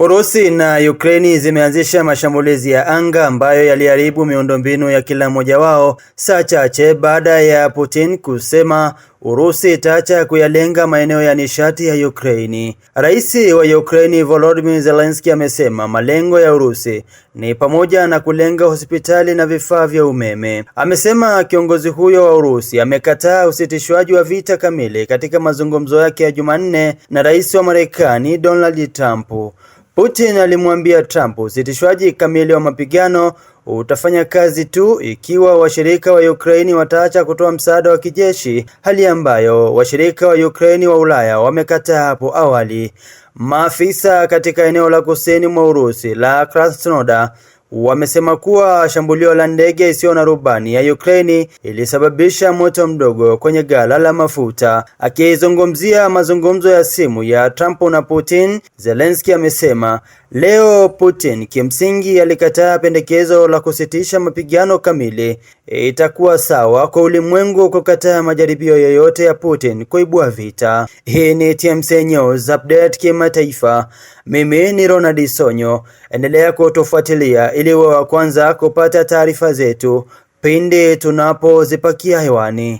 Urusi na Ukraini zimeanzisha mashambulizi ya anga ambayo yaliharibu miundombinu ya kila mmoja wao saa chache baada ya Putin kusema Urusi itaacha kuyalenga maeneo ya nishati ya Ukraini. Rais wa Ukraini Volodymyr Zelensky amesema malengo ya Urusi ni pamoja na kulenga hospitali na vifaa vya umeme. Amesema kiongozi huyo wa Urusi amekataa usitishwaji wa vita kamili katika mazungumzo yake ya Jumanne na rais wa Marekani Donald Trump. Putin alimwambia Trump usitishwaji kamili wa mapigano utafanya kazi tu ikiwa washirika wa Ukraini wataacha kutoa msaada wa kijeshi, hali ambayo washirika wa Ukraini wa Ulaya wamekataa hapo awali. Maafisa katika eneo la kusini mwa Urusi la Krasnodar wamesema kuwa shambulio la ndege isiyo na rubani ya Ukraini ilisababisha moto mdogo kwenye ghala la mafuta. Akizungumzia mazungumzo ya simu ya Trump na Putin, Zelensky amesema leo Putin kimsingi alikataa pendekezo la kusitisha mapigano kamili. Itakuwa sawa kwa ulimwengu kukataa majaribio yoyote ya Putin kuibua vita. Hii ni TMC News Update kimataifa. Mimi ni Ronald Sonyo, endelea kutufuatilia ili wa kwanza kupata taarifa zetu pindi tunapozipakia hewani.